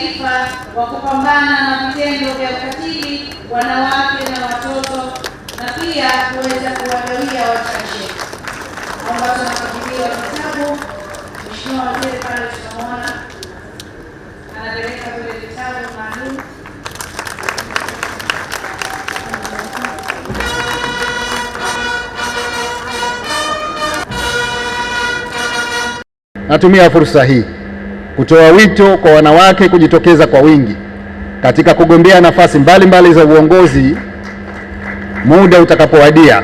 kitaifa wa kupambana na vitendo vya ukatili wanawake na watoto na pia kuweza kuwagawia wachache ambazo wanakabiliwa vitabu. Mheshimiwa Waziri pale tunamwona anapeleka vile vitabu maalum Natumia fursa hii kutoa wito kwa wanawake kujitokeza kwa wingi katika kugombea nafasi mbalimbali mbali za uongozi muda utakapowadia,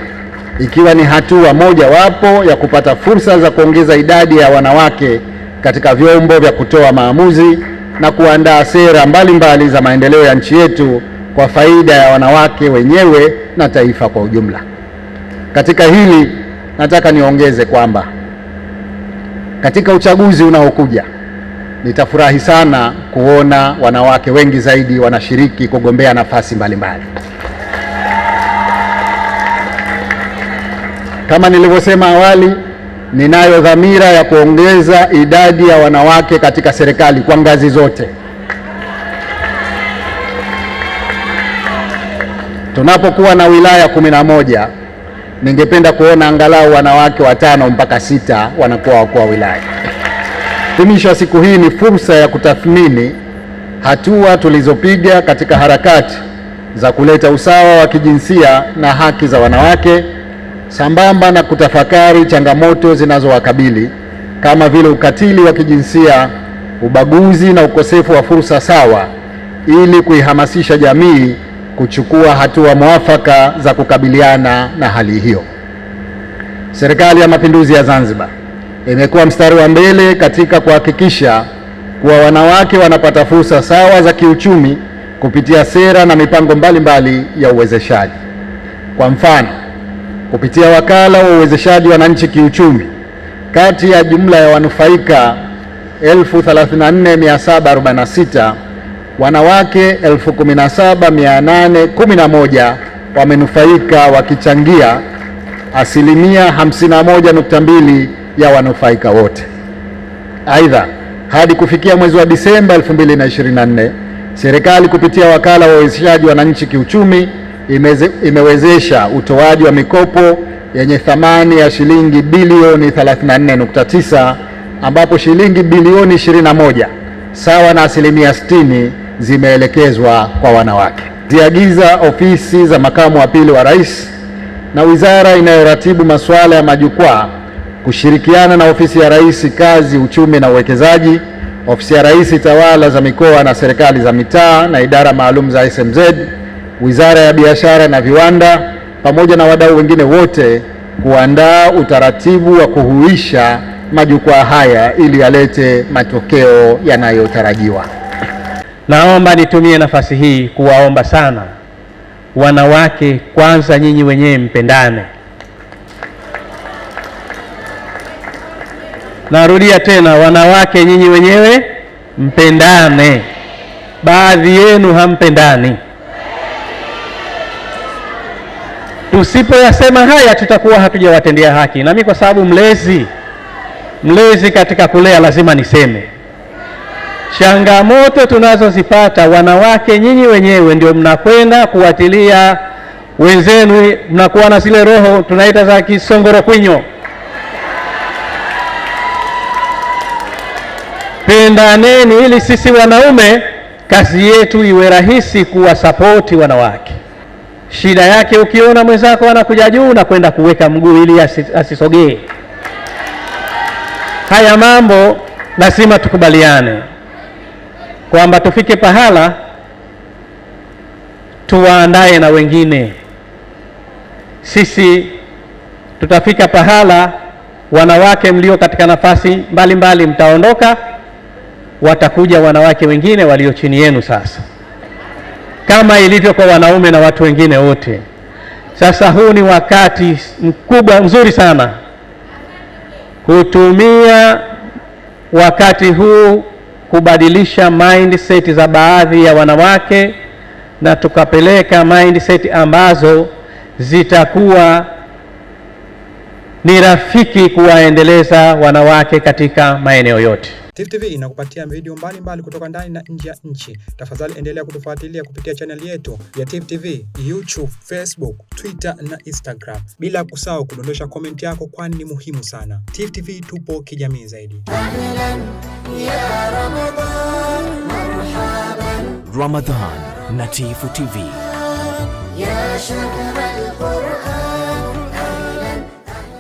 ikiwa ni hatua moja wapo ya kupata fursa za kuongeza idadi ya wanawake katika vyombo vya kutoa maamuzi na kuandaa sera mbalimbali mbali za maendeleo ya nchi yetu kwa faida ya wanawake wenyewe na taifa kwa ujumla. Katika hili nataka niongeze kwamba katika uchaguzi unaokuja nitafurahi sana kuona wanawake wengi zaidi wanashiriki kugombea nafasi mbalimbali mbali. Kama nilivyosema awali, ninayo dhamira ya kuongeza idadi ya wanawake katika serikali kwa ngazi zote. Tunapokuwa na wilaya kumi na moja, ningependa kuona angalau wanawake watano mpaka sita wanakuwa wakuu wa wilaya. Kuadhimisha siku hii ni fursa ya kutathmini hatua tulizopiga katika harakati za kuleta usawa wa kijinsia na haki za wanawake sambamba na kutafakari changamoto zinazowakabili kama vile ukatili wa kijinsia, ubaguzi na ukosefu wa fursa sawa ili kuihamasisha jamii kuchukua hatua mwafaka za kukabiliana na hali hiyo. Serikali ya Mapinduzi ya Zanzibar imekuwa mstari wa mbele katika kuhakikisha kuwa wanawake wanapata fursa sawa za kiuchumi kupitia sera na mipango mbalimbali mbali ya uwezeshaji. Kwa mfano, kupitia wakala wa uwezeshaji wananchi kiuchumi, kati ya jumla ya wanufaika 34746 wanawake 17811 wamenufaika wakichangia asilimia 51.2 ya wanufaika wote. Aidha, hadi kufikia mwezi wa Disemba 2024 serikali kupitia wakala wa wawezeshaji wananchi kiuchumi imeze, imewezesha utoaji wa mikopo yenye thamani ya shilingi bilioni 34.9 ambapo shilingi bilioni 21 sawa na asilimia 60 zimeelekezwa kwa wanawake. Ziagiza ofisi za makamu wa pili wa rais na wizara inayoratibu masuala ya majukwaa kushirikiana na Ofisi ya Rais Kazi, Uchumi na Uwekezaji, Ofisi ya Rais Tawala za Mikoa na Serikali za Mitaa na idara maalum za SMZ, Wizara ya Biashara na Viwanda pamoja na wadau wengine wote kuandaa utaratibu wa kuhuisha majukwaa haya ili yalete matokeo yanayotarajiwa. Naomba nitumie nafasi hii kuwaomba sana wanawake, kwanza nyinyi wenyewe mpendane. Narudia tena, wanawake nyinyi wenyewe mpendane, baadhi yenu hampendani. Tusipoyasema haya, tutakuwa hatujawatendea haki. Nami kwa sababu mlezi, mlezi katika kulea, lazima niseme changamoto tunazozipata wanawake, nyinyi wenyewe ndio mnakwenda kuwatilia wenzenu, mnakuwa na zile roho tunaita za kisongoro kwinyo pendaneni, ili sisi wanaume kazi yetu iwe rahisi kuwasapoti wanawake. Shida yake ukiona mwenzako anakuja juu na kwenda kuweka mguu ili asisogee. Haya mambo lazima tukubaliane kwamba tufike pahala tuwaandae na wengine. Sisi tutafika pahala wanawake mlio katika nafasi mbalimbali mbali mtaondoka watakuja wanawake wengine walio chini yenu, sasa kama ilivyo kwa wanaume na watu wengine wote. Sasa huu ni wakati mkubwa mzuri sana kutumia wakati huu kubadilisha mindset za baadhi ya wanawake na tukapeleka mindset ambazo zitakuwa ni rafiki kuwaendeleza wanawake katika maeneo yote. Tifu TV inakupatia video mbalimbali kutoka ndani na nje ya nchi. Tafadhali endelea kutufuatilia kupitia chaneli yetu ya Tifu TV, YouTube, Facebook, Twitter na Instagram, bila kusahau kudondosha komenti yako, kwani ni muhimu sana. Tifu TV tupo kijamii zaidi. Ramadan na Tifu TV.